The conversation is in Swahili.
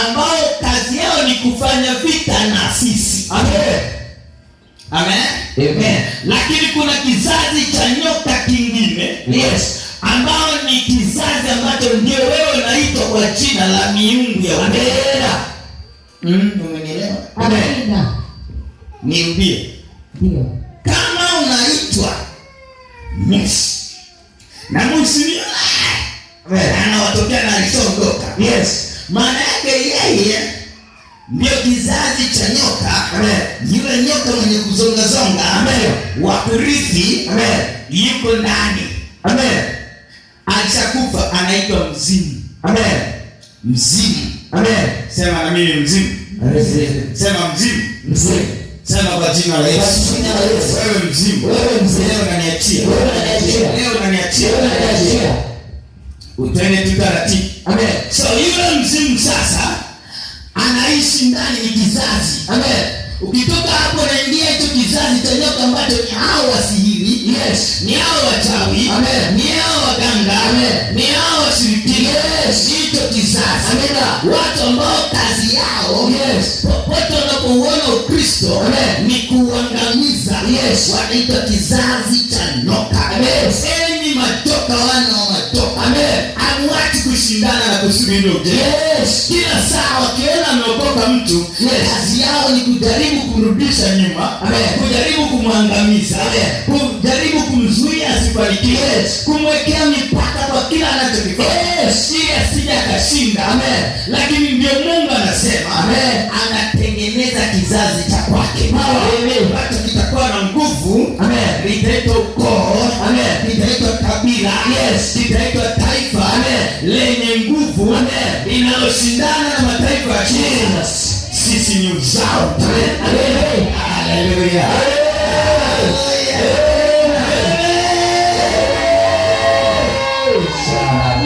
ambayo kazi yao ni kufanya vita na sisi amen, amen. amen. lakini kuna kizazi cha nyoka kingine yes ambao ni kizazi ambacho ndio wewe unaitwa kwa jina la miungu ya ubera mm, umenielewa kama unaitwa Yesu na mwisinia anawatokea na alichoondoka yes maana yake yeye ndio kizazi cha nyoka, yule nyoka mwenye kuzongazonga wa kurithi yuko ndani, alishakufa, anaitwa mzimu. Mzimu, sema na mimi mzimu, sema mzimu, sema kwa jina la Yesu. Wewe mzimu, leo unaniachia, leo unaniachia utende tu taratibu. Amen. So yule mzimu sasa anaishi ndani ni kizazi. Amen. Ukitoka hapo naingia hicho kizazi cha nyoka ambacho ni hao wasihiri. Yes. Ni hao wachawi. Amen. Ni hao waganga. Amen. Ni hao washirikina. Yes. Hicho kizazi. Amen. Watu ambao kazi yao yes. Popote wanapouona Ukristo Amen. ni kuangamiza. Yes. Wanaitwa kizazi cha nyoka. Yes matoka wana wa matoka. Amen. kushindana na kusudi hilo. Yes. Kila saa wakiona ameokoka mtu, yes. Kazi yao ni kujaribu kurudisha nyuma. Amen. Kujaribu kumwangamiza. Amen. Kujaribu kumzuia asifanikiwe. Yes. Kumwekea mipaka kwa kila anachokifanya. Yes. Ili asije akashinda. Amen. Lakini ndio Mungu anasema, Amen. Anatengeneza kizazi cha kwake. Amen. kitakuwa na nguvu. Amen. Litaitwa ukoo. Amen kabila yes, litaitwa taifa lenye nguvu inayoshindana na mataifa. ya chini Sisi ni uzao